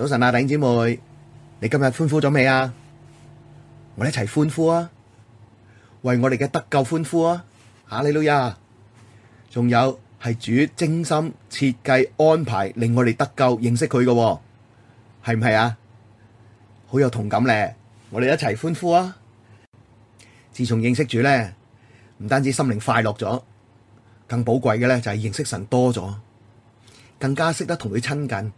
早晨啊，弟兄姊妹，你今日歡呼咗未啊？我哋一齊歡呼啊，為我哋嘅得救歡呼啊！哈利路亞呀，仲有係主精心設計安排令我哋得救認識佢嘅，係唔係啊？好有同感咧，我哋一齊歡呼啊！自從認識主咧，唔單止心靈快樂咗，更寶貴嘅咧就係認識神多咗，更加識得同佢親近。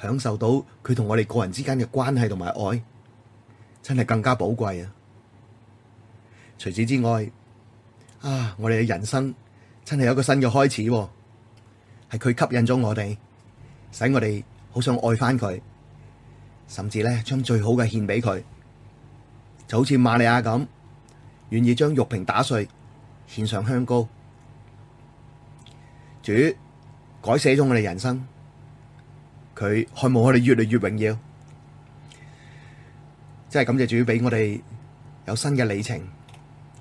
享受到佢同我哋個人之間嘅關係同埋愛，真係更加寶貴啊！除此之外，啊，我哋嘅人生真係有一個新嘅開始，係佢吸引咗我哋，使我哋好想愛返佢，甚至咧將最好嘅獻俾佢，就好似瑪利亞咁，願意將玉瓶打碎，獻上香膏，主改寫咗我哋人生。佢看望我哋越嚟越榮耀，即係感謝主俾我哋有新嘅里程，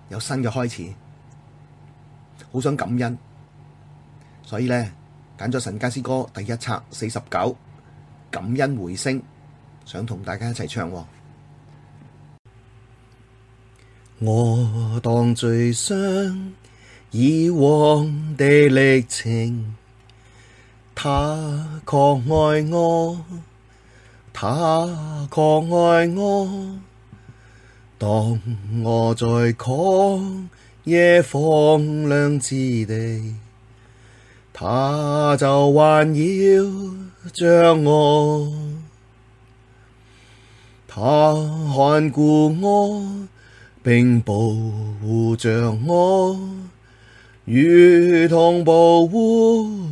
有新嘅開始，好想感恩，所以呢揀咗《神家詩歌》第一冊四十九感恩回聲，想同大家一齊唱。我當追想以往的歷程。他確愛我，他確愛我。當我在曠野荒涼之地，他就環繞着我，他看顧我，並保護着我，如同保護。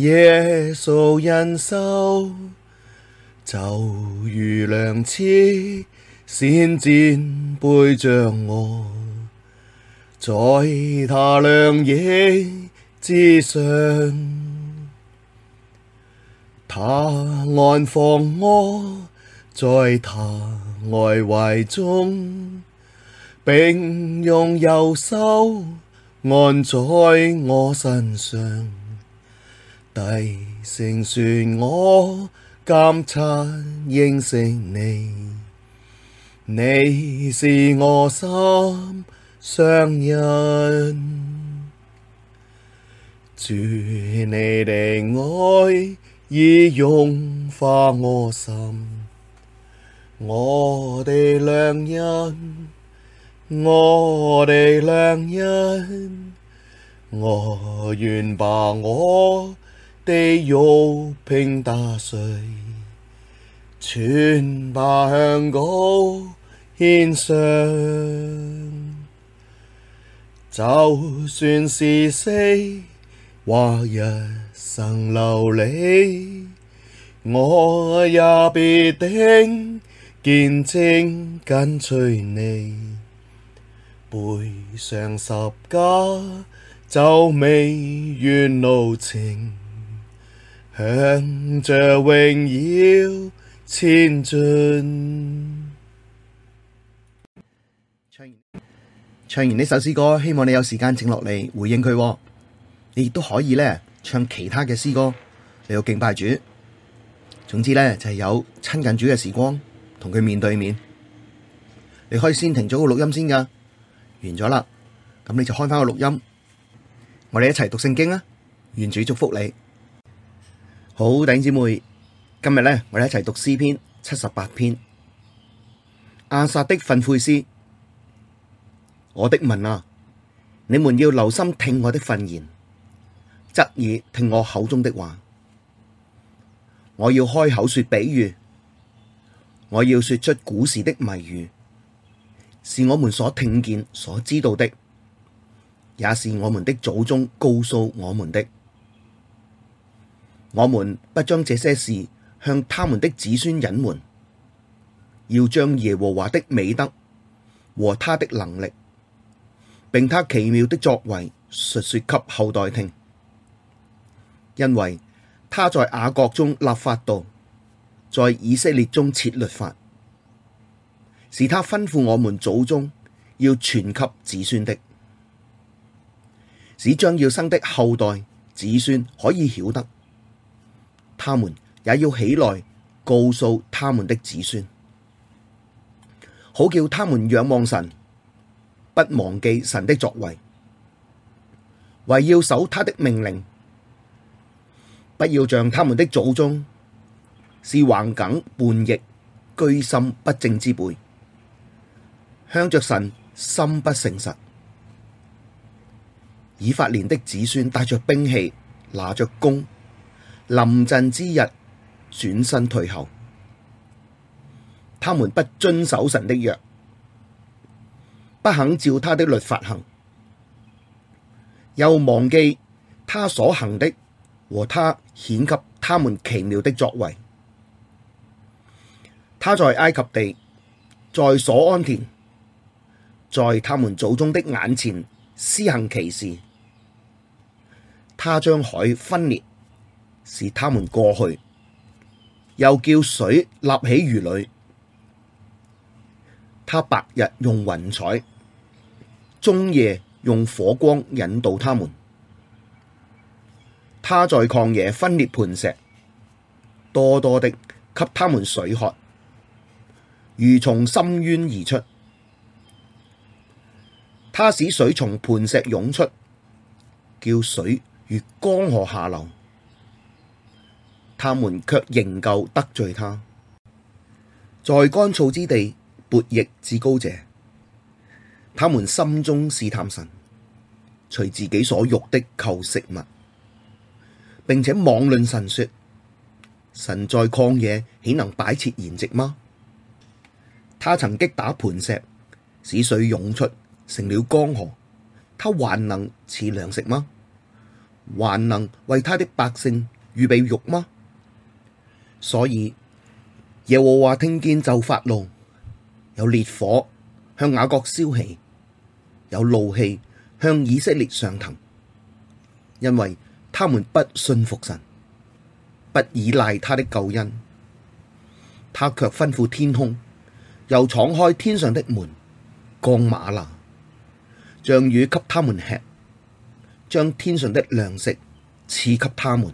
耶穌恩手，就如兩翅搧展背着我，在他兩翼之上，他安放我在他愛懷中，並用右手按在我身上。低聲說我監察認識你，你是我心上人。主你的愛已融化我心，我的良人，我的良人，我願把我。的玉瓶打碎，全把香膏獻上。就算是死，或一生流離，我也必定堅貞跟隨你，背上十架走未完路程。向着榮耀前進。唱完呢首詩歌，希望你有時間靜落嚟回應佢。你亦都可以咧唱其他嘅詩歌，你要敬拜主。總之咧就係有親近主嘅時光，同佢面對面。你可以先停咗個錄音先噶，完咗啦。咁你就開翻個錄音，我哋一齊讀聖經啊！願主祝福你。好，弟兄姊妹，今日呢，我哋一齊讀詩篇七十八篇《亞薩、啊、的訓誨詩》。我的民啊，你們要留心聽我的訓言，側耳聽我口中的話。我要開口說比喻，我要說出古時的謎語，是我們所聽見、所知道的，也是我們的祖宗告訴我們的。我們不將這些事向他們的子孫隱瞞，要將耶和華的美德和他的能力，並他奇妙的作為述說給後代聽，因為他在雅各中立法度，在以色列中設律法，是他吩咐我們祖宗要傳給子孫的，使將要生的後代子孫可以曉得。他們也要起來，告訴他們的子孫，好叫他們仰望神，不忘記神的作為，惟要守他的命令，不要像他們的祖宗，是頑梗悖逆、居心不正之輩，向着神，心不誠實。以法蓮的子孫帶着兵器，拿着弓。臨陣之日轉身退後，他們不遵守神的約，不肯照他的律法行，又忘記他所行的和他顯給他們奇妙的作為。他在埃及地，在瑣安田，在他們祖宗的眼前施行奇事，他將海分裂。使他們過去，又叫水立起如壘。他白日用雲彩，終夜用火光引導他們。他在曠野分裂磐石，多多的給他們水喝，如從深淵而出。他使水從磐石湧出，叫水如江河下流。他們卻仍舊得罪他，在乾燥之地悖逆至高者。他們心中試探神，隨自己所欲的求食物，並且妄論神說：神在曠野豈能擺設筵席嗎？他曾擊打磐石，使水湧出，成了江河。他還能賜糧食嗎？還能為他的百姓預備肉嗎？所以耶和華聽見就發怒，有烈火向雅各燒起，有怒氣向以色列上騰，因為他們不信服神，不倚賴他的救恩。他卻吩咐天空，又敞開天上的門，降嗎哪，像雨給他們吃，將天上的糧食賜給他們。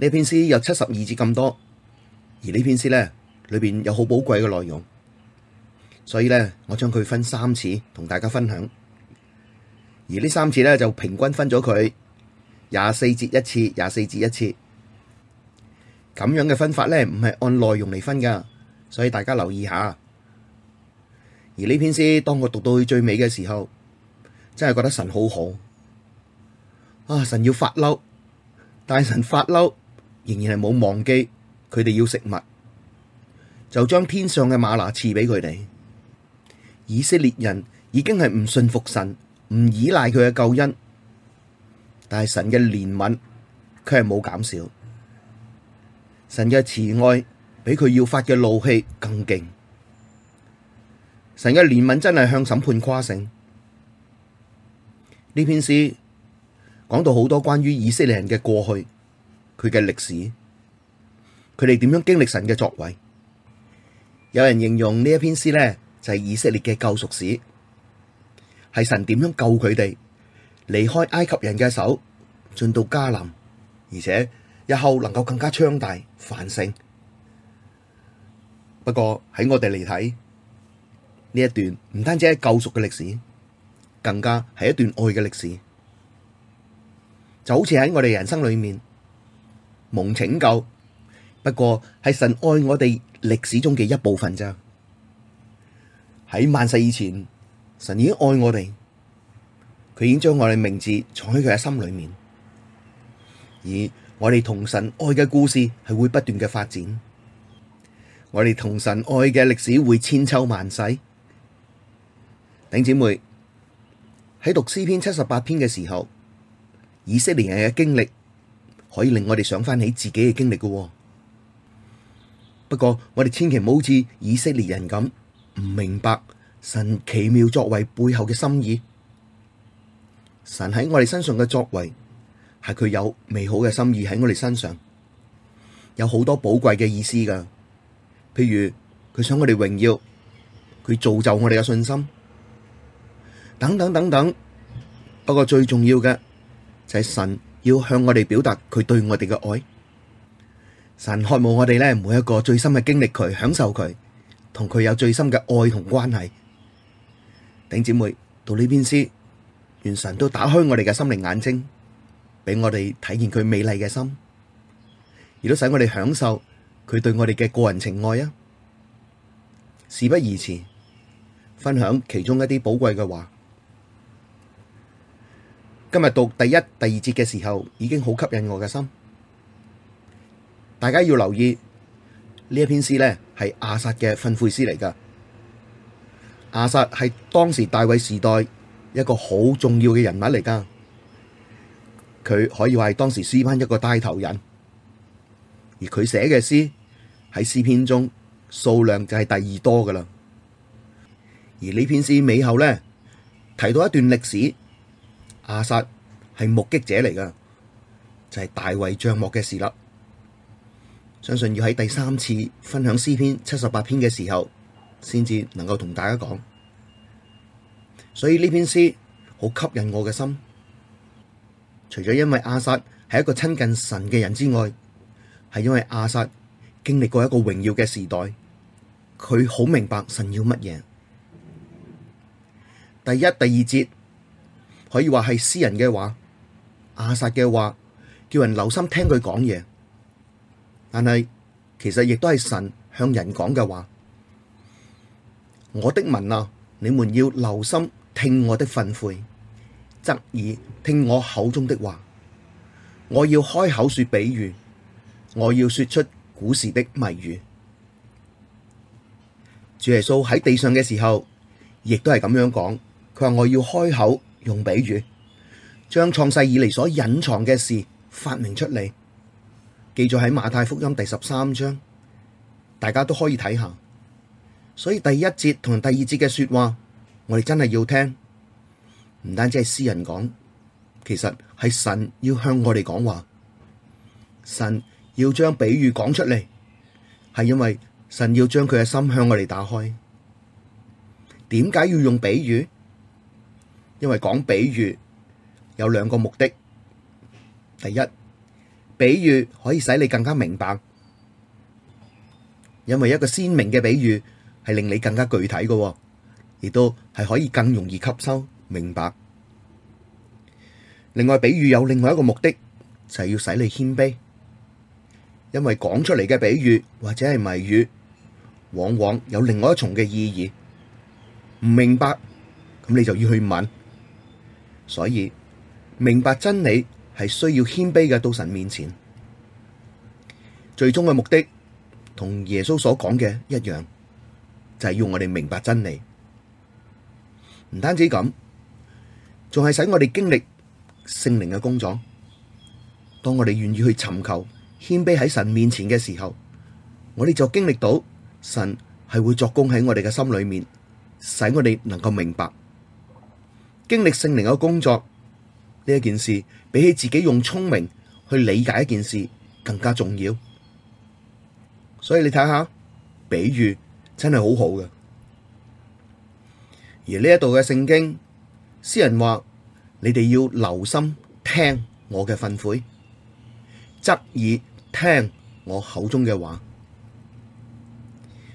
呢篇詩有七十二節咁多，而呢篇詩咧裏邊有好寶貴嘅內容，所以咧我將佢分三次同大家分享，而呢三次咧就平均分咗佢廿四節一次，廿四節一次。咁樣嘅分法咧唔係按內容嚟分噶，所以大家留意下。而呢篇詩當我讀到去最尾嘅時候，真係覺得神好好，啊神要發嬲，大神發嬲。仍然係冇忘記佢哋要食物，就將天上嘅嗎哪賜俾佢哋。以色列人已經係唔信服神，唔倚賴佢嘅救恩，但係神嘅憐憫佢係冇減少。神嘅慈愛比佢要發嘅怒氣更勁。神嘅憐憫真係向審判誇勝。呢篇詩講到好多關於以色列人嘅過去。佢嘅歷史，佢哋點樣經歷神嘅作為？有人形容呢一篇詩呢，就係以色列嘅救贖史，係神點樣救佢哋離開埃及人嘅手，進到迦南，而且日後能夠更加昌大繁盛。不過喺我哋嚟睇呢一段，唔單止係救贖嘅歷史，更加係一段愛嘅歷史，就好似喺我哋人生裏面。蒙拯救，不過係神愛我哋歷史中嘅一部分咋，喺萬世以前，神已經愛我哋，佢已經將我哋名字藏喺佢嘅心裏面。而我哋同神愛嘅故事係會不斷嘅發展，我哋同神愛嘅歷史會千秋萬世。頂姐妹喺讀詩篇七十八篇嘅時候，以色列人嘅經歷。可以令我哋想翻起自己嘅經歷噶。不過我哋千祈唔好似以色列人咁唔明白神奇妙作為背後嘅心意。神喺我哋身上嘅作為，係佢有美好嘅心意喺我哋身上，有好多寶貴嘅意思噶。譬如佢想我哋榮耀，佢造就我哋嘅信心，等等等等。不過最重要嘅就係神。要向我哋表達佢對我哋嘅愛，神渴望我哋咧每一個最深嘅經歷佢，享受佢，同佢有最深嘅愛同關係。頂姐妹到呢邊先，願神都打開我哋嘅心靈眼睛，畀我哋體現佢美麗嘅心，亦都使我哋享受佢對我哋嘅個人情愛啊！事不宜遲，分享其中一啲寶貴嘅話。今日讀第一、第二節嘅時候，已經好吸引我嘅心。大家要留意呢一篇詩呢係亞薩嘅訓誨詩嚟噶。亞薩係當時大衛時代一個好重要嘅人物嚟噶，佢可以話係當時詩班一個帶頭人。而佢寫嘅詩喺詩篇中數量就係第二多噶啦。而呢篇詩尾後呢，提到一段歷史。亞薩係目擊者嚟噶，就係大衛帳幕嘅事啦。相信要喺第三次分享詩篇七十八篇嘅時候，先至能夠同大家講。所以呢篇詩好吸引我嘅心，除咗因為亞薩係一個親近神嘅人之外，係因為亞薩經歷過一個榮耀嘅時代，佢好明白神要乜嘢。第一、第二節。可以話係詩人嘅話，亞薩嘅話，叫人留心聽佢講嘢。但係其實亦都係神向人講嘅話。我的民啊，你們要留心聽我的訓誨，側耳聽我口中的話。我要開口說比喻，我要說出古時的謎語。主耶穌喺地上嘅時候，亦都係咁樣講。佢話，我要開口，用比喻，將創世以嚟所隱藏嘅事發明出嚟，記載喺馬太福音第十三章，大家都可以睇下。所以第一節同第二節嘅說話，我哋真係要聽，唔單止係詩人講，其實係神要向我哋講話，神要將比喻講出嚟，係因為神要將佢嘅心向我哋打開。點解要用比喻？因為講比喻有兩個目的，第一，比喻可以使你更加明白，因為一個鮮明嘅比喻係令你更加具體嘅，亦都係可以更容易吸收明白。另外，比喻有另外一個目的，就係、是、要使你謙卑，因為講出嚟嘅比喻或者係謎語，往往有另外一重嘅意義，唔明白咁你就要去問。所以明白真理係需要謙卑嘅到神面前，最終嘅目的同耶穌所講嘅一樣，就係、是、要我哋明白真理。唔單止咁，仲係使我哋經歷聖靈嘅工作。當我哋願意去尋求謙卑喺神面前嘅時候，我哋就經歷到神係會作工喺我哋嘅心裏面，使我哋能夠明白。經歷聖靈嘅工作呢一件事，比起自己用聰明去理解一件事更加重要。所以你睇下，比喻真係好好嘅。而呢一度嘅聖經，詩人話：你哋要留心聽我嘅訓誨，側耳聽我口中嘅話。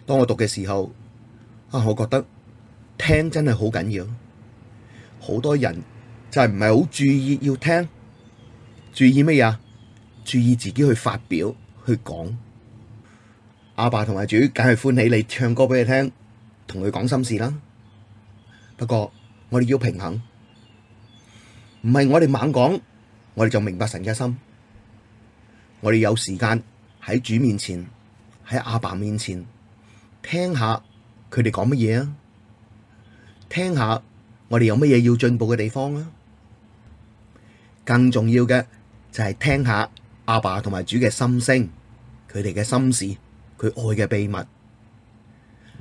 當我讀嘅時候，啊，我覺得聽真係好緊要。好多人就係唔係好注意要聽，注意咩嘢啊？注意自己去發表去講，阿爸同阿主梗係歡喜你唱歌畀佢聽，同佢講心事啦。不過我哋要平衡，唔係我哋猛講，我哋就明白神嘅心。我哋有時間喺主面前，喺阿爸面前聽下佢哋講乜嘢啊？聽下。聽我哋有乜嘢要進步嘅地方啦？更重要嘅就係聽下阿爸同埋主嘅心聲，佢哋嘅心事，佢愛嘅秘密，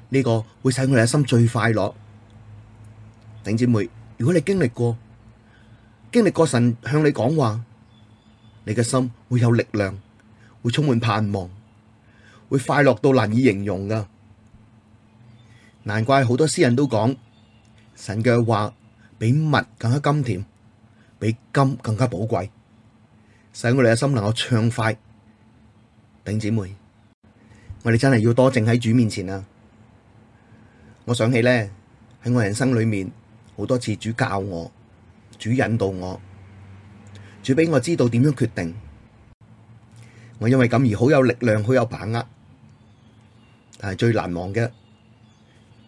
呢個會使我哋嘅心最快樂。頂姊妹，如果你經歷過，經歷過神向你講話，你嘅心會有力量，會充滿盼望，會快樂到難以形容㗎。難怪好多詩人都講。神嘅話比蜜更加甘甜，比金更加寶貴，使我哋嘅心能夠暢快。弟兄姊妹，我哋真係要多靜喺主面前啊！我想起咧，喺我人生裏面好多次，主教我，主引導我，主俾我知道點樣決定。我因為咁而好有力量，好有把握。但係最難忘嘅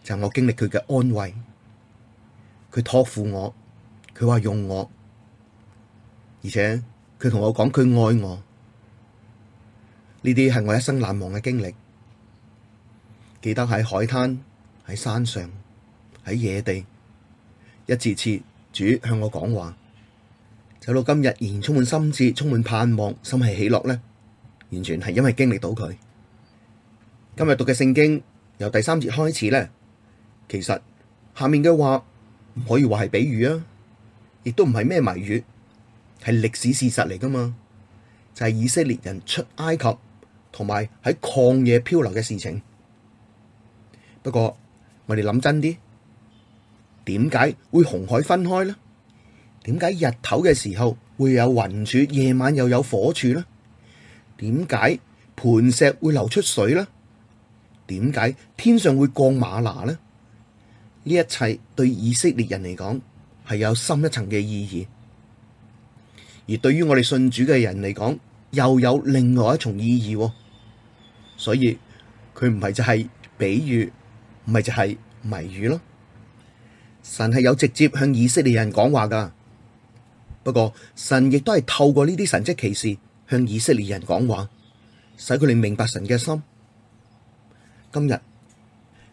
就係、是、我經歷佢嘅安慰。佢託付我，佢話用我，而且佢同我講佢愛我，呢啲係我一生難忘嘅經歷。記得喺海灘、喺山上、喺野地，一次次主向我講話，走到今日仍然充滿心智，充滿盼望，心係喜樂呢，完全係因為經歷到佢。今日讀嘅聖經由第三節開始咧，其實下面嘅話。唔可以話係比喻啊，亦都唔係咩謎語，係歷史事實嚟噶嘛，就係以色列人出埃及同埋喺曠野漂流嘅事情。不過我哋諗真啲，點解會紅海分開呢？點解日頭嘅時候會有雲柱，夜晚又有火柱呢？點解磐石會流出水呢？點解天上會降嗎哪呢？呢一切對以色列人嚟講係有深一層嘅意義，而對於我哋信主嘅人嚟講，又有另外一重意義。所以佢唔係就係比喻，唔係就係謎語咯。神係有直接向以色列人講話噶，不過神亦都係透過呢啲神蹟奇事向以色列人講話，使佢哋明白神嘅心。今日。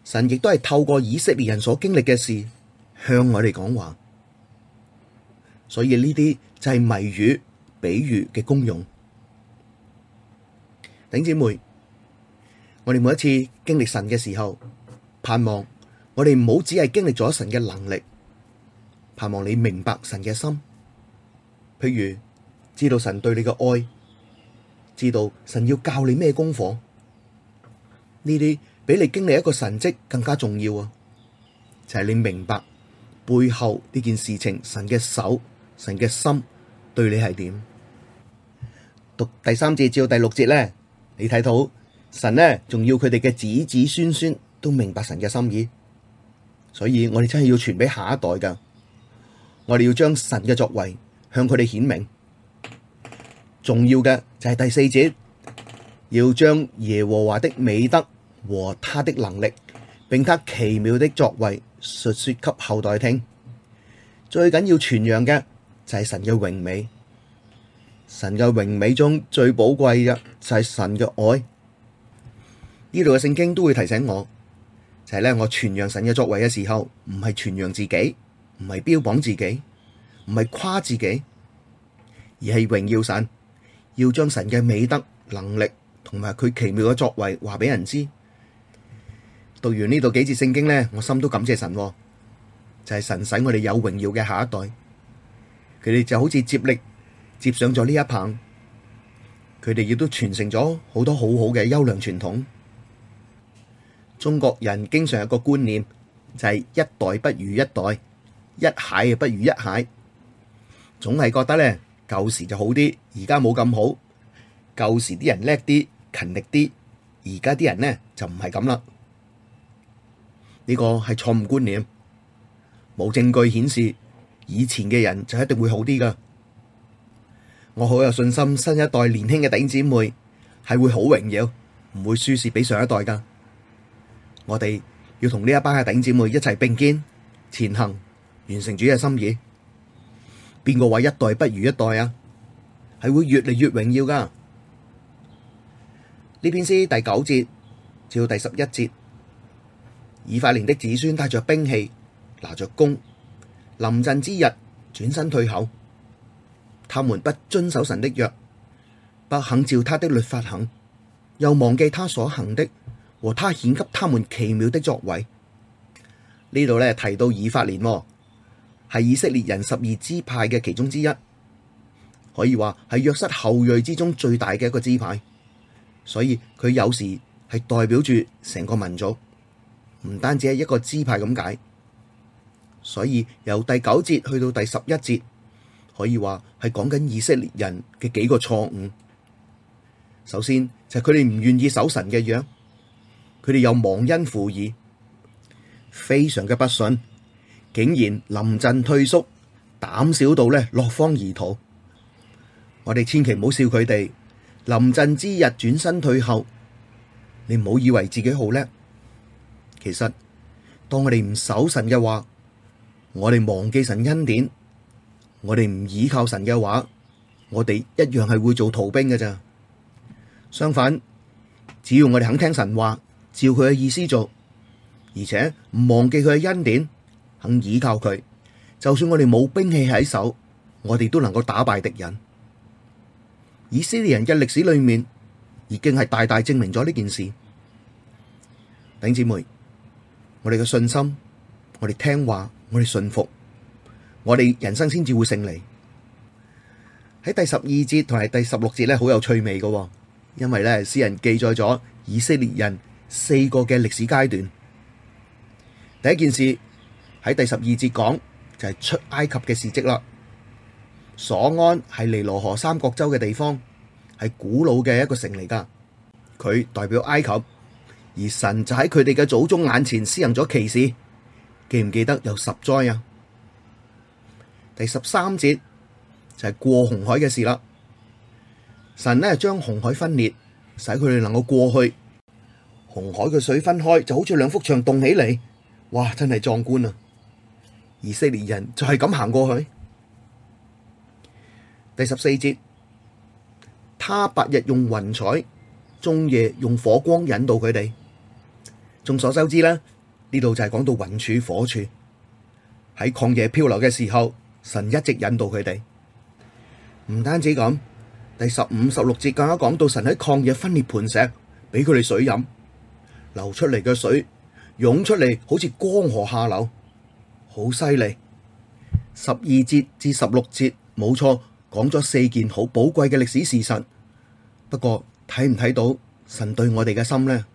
神亦都係透過以色列人所經歷嘅事向我哋講話，所以呢啲就係謎語、比喻嘅功用。頂姐妹，我哋每一次經歷神嘅時候，盼望我哋唔好只係經歷咗神嘅能力，盼望你明白神嘅心，譬如知道神對你嘅愛，知道神要教你咩功課，呢啲。俾你經歷一個神蹟更加重要啊！就係你明白背後呢件事情，神嘅手、神嘅心對你係點。讀第三節至到第六節咧，你睇到神咧仲要佢哋嘅子子孫孫都明白神嘅心意，所以我哋真係要傳俾下一代噶。我哋要將神嘅作為向佢哋顯明。重要嘅就係第四節，要將耶和華的美德。和他的能力，并他奇妙的作為述說給後代聽。最緊要傳揚嘅就係神嘅榮美，神嘅榮美中最寶貴嘅就係神嘅愛。呢度嘅聖經都會提醒我，就係咧我傳揚神嘅作為嘅時候，唔係傳揚自己，唔係標榜自己，唔係誇自己，而係榮耀神，要將神嘅美德、能力同埋佢奇妙嘅作為話俾人知。讀完呢度幾節聖經呢，我心都感謝神，就係神使我哋有榮耀嘅下一代。佢哋就好似接力接上咗呢一棒，佢哋亦都傳承咗好多好好嘅優良傳統。中國人經常有個觀念就係一代不如一代，一蟹不如一蟹，總係覺得呢舊時就好啲，而家冇咁好。舊時啲人叻啲，勤力啲，而家啲人呢就唔係咁啦。呢個係錯誤觀念，冇證據顯示以前嘅人就一定會好啲㗎。我好有信心，新一代年輕嘅頂姐妹係會好榮耀，唔會輸蝕俾上一代㗎。我哋要同呢一班嘅頂姐妹一齊並肩前行，完成主嘅心意。邊個話一代不如一代啊？係會越嚟越榮耀㗎。呢篇詩第九節至到第十一節。以法蓮的子孫帶着兵器，拿着弓，臨陣之日轉身退後。他們不遵守神的約，不肯照他的律法行，又忘記他所行的和他顯給他們奇妙的作為。呢度咧提到以法蓮，係以色列人十二支派嘅其中之一，可以話係約瑟後裔之中最大嘅一個支派，所以佢有時係代表住成個民族。唔單止係一個支派咁解，所以由第九節去到第十一節，可以話係講緊以色列人嘅幾個錯誤。首先就係佢哋唔願意守神嘅約，佢哋又忘恩負義，非常嘅不順，竟然臨陣退縮，膽小到咧落荒而逃。我哋千祈唔好笑佢哋，臨陣之日轉身退後，你唔好以為自己好叻。其實，當我哋唔守神嘅話，我哋忘記神恩典，我哋唔倚靠神嘅話，我哋一樣係會做逃兵嘅咋。相反，只要我哋肯聽神話，照佢嘅意思做，而且唔忘記佢嘅恩典，肯倚靠佢，就算我哋冇兵器喺手，我哋都能夠打敗敵人。以色列人嘅歷史裏面，已經係大大證明咗呢件事。頂姐妹。我哋嘅信心，我哋聽話，我哋信服，我哋人生先至會勝利。喺第十二節同埋第十六節咧，好有趣味嘅，因為咧詩人記載咗以色列人四個嘅歷史階段。第一件事喺第十二節講就係、是、出埃及嘅事跡啦。瑣安係尼羅河三角洲嘅地方，係古老嘅一個城嚟噶，佢代表埃及。而神就喺佢哋嘅祖宗眼前施行咗奇事，記唔記得有十災啊？第十三節就係過紅海嘅事啦。神呢將紅海分裂，使佢哋能夠過去。紅海嘅水分開，就好似兩幅牆動起嚟，哇！真係壯觀啊！以色列人就係咁行過去。第十四節，他白日用雲彩，終夜用火光引導佢哋。眾所周知啦，呢度就係講到雲柱火柱喺曠野漂流嘅時候，神一直引導佢哋。唔單止咁，第十五十六節更加講到神喺曠野分裂磐石，俾佢哋水飲，流出嚟嘅水湧出嚟，好似江河下流，好犀利。十二節至十六節，冇錯，講咗四件好寶貴嘅歷史事實。不過睇唔睇到神對我哋嘅心呢？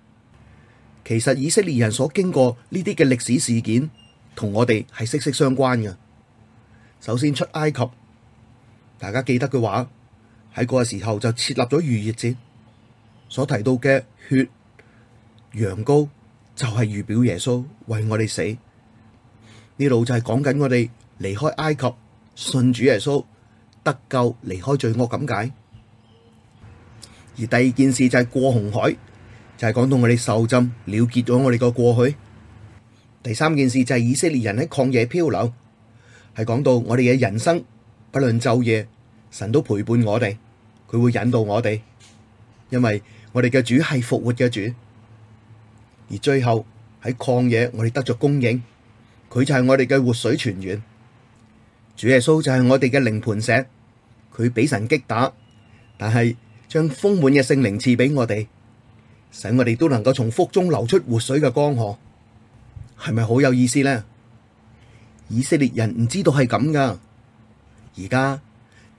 其實以色列人所經過呢啲嘅歷史事件，同我哋係息息相關嘅。首先出埃及，大家記得嘅話，喺嗰個時候就設立咗逾越節。所提到嘅血羊羔就係、是、預表耶穌為我哋死。呢度就係講緊我哋離開埃及，信主耶穌得救，離開罪惡咁解。而第二件事就係過紅海。就係講到我哋受浸，了結咗我哋個過去。第三件事就係以色列人喺曠野漂流，係講到我哋嘅人生，不論晝夜，神都陪伴我哋，佢會引導我哋，因為我哋嘅主係復活嘅主。而最後，喺曠野我，我哋得咗供應，佢就係我哋嘅活水泉源。主耶穌就係我哋嘅靈磐石，佢俾神擊打，但係將豐滿嘅聖靈賜俾我哋。使我哋都能夠從腹中流出活水嘅江河，係咪好有意思呢？以色列人唔知道係咁噶，而家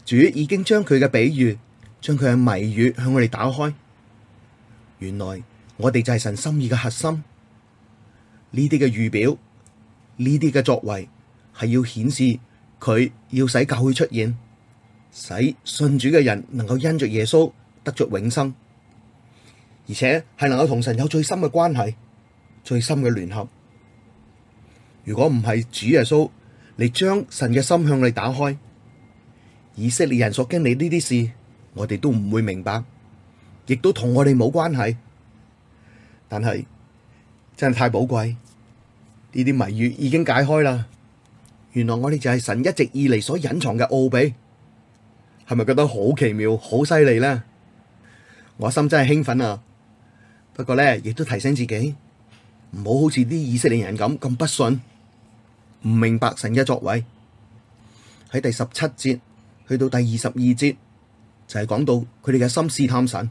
主已經將佢嘅比喻、將佢嘅謎語向我哋打開。原來我哋就係神心意嘅核心，呢啲嘅預表，呢啲嘅作為，係要顯示佢要使教會出現，使信主嘅人能夠因着耶穌得着永生。而且係能夠同神有最深嘅關係、最深嘅聯合。如果唔係主耶穌嚟將神嘅心向你打開，以色列人所經歷呢啲事，我哋都唔會明白，亦都同我哋冇關係。但係真係太寶貴，呢啲謎語已經解開啦。原來我哋就係神一直以嚟所隱藏嘅奧秘，係咪覺得好奇妙、好犀利咧？我心真係興奮啊！不過咧，亦都提醒自己唔好好似啲以色列人咁咁不信，唔明白神嘅作為。喺第十七節去到第二十二節，就係、是、講到佢哋嘅心思探神，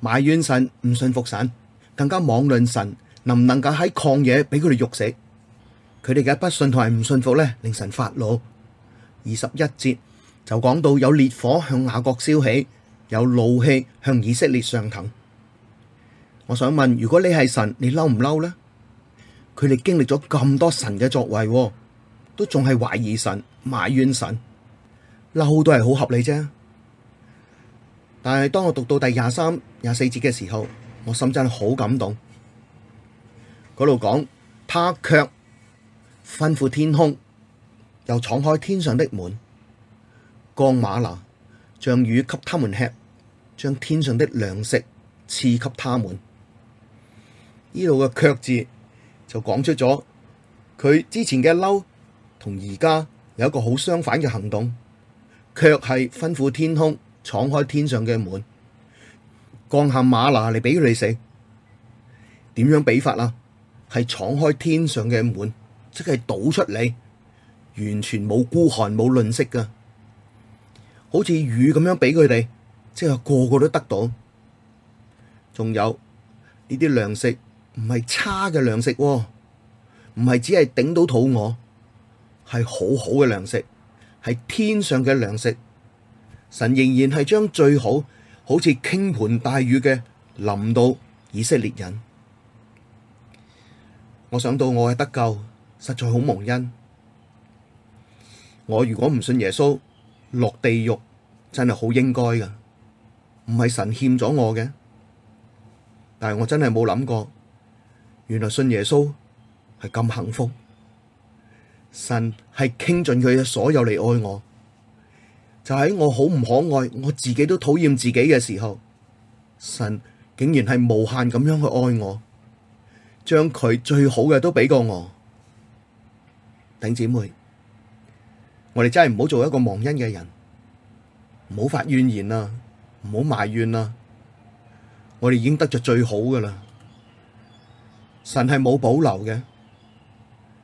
埋怨神唔信服神，更加妄論神能唔能夠喺曠野俾佢哋肉食。佢哋嘅不信同埋唔信服咧，令神發怒。二十一節就講到有烈火向雅各燒起，有怒氣向以色列上騰。我想問：如果你係神，你嬲唔嬲呢？佢哋經歷咗咁多神嘅作為，都仲係懷疑神、埋怨神，嬲都係好合理啫。但係當我讀到第廿三、廿四節嘅時候，我心真係好感動。嗰度講，他卻吩咐天空，又敞開天上的門，降嗎哪，將雨給他們吃，將天上的糧食賜給他們。呢度嘅卻字就講出咗佢之前嘅嬲，同而家有一個好相反嘅行動，卻係吩咐天空，敞開天上嘅門，降下嗎哪嚟俾佢哋食。點樣比法啊？係敞開天上嘅門，即係倒出嚟，完全冇孤寒冇吝嗇㗎，好似雨咁樣俾佢哋，即係個個都得到。仲有呢啲糧食。唔係差嘅糧食啊，唔係只係頂到肚餓，係好好嘅糧食，係天上嘅糧食。神仍然係將最好，好似傾盆大雨嘅淋到以色列人。我想到我係得救，實在好蒙恩。我如果唔信耶穌，落地獄真係好應該噶，唔係神欠咗我嘅。但係我真係冇諗過。原來信耶穌係咁幸福，神係傾盡佢嘅所有嚟愛我，就喺、是、我好唔可愛，我自己都討厭自己嘅時候，神竟然係無限咁樣去愛我，將佢最好嘅都俾過我。頂姊妹，我哋真係唔好做一個忘恩嘅人，唔好發怨言啦、啊，唔好埋怨啦、啊，我哋已經得着最好噶啦。神係冇保留嘅，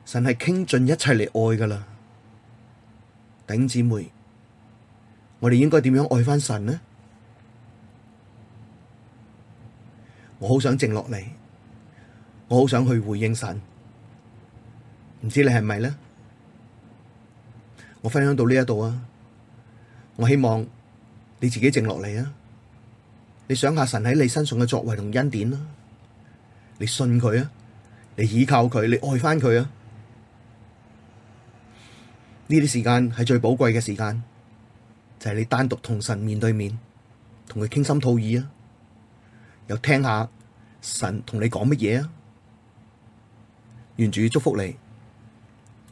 神係傾盡一切嚟愛噶啦，頂姊妹，我哋應該點樣愛翻神呢？我好想靜落嚟，我好想去回應神，唔知你係咪呢？我分享到呢一度啊，我希望你自己靜落嚟啊，你想下神喺你身上嘅作為同恩典啦啊。你信佢啊，你倚靠佢，你愛翻佢啊。呢啲時間係最寶貴嘅時間，就係你單獨同神面對面，同佢傾心吐意啊，又聽下神同你講乜嘢啊。願主祝福你。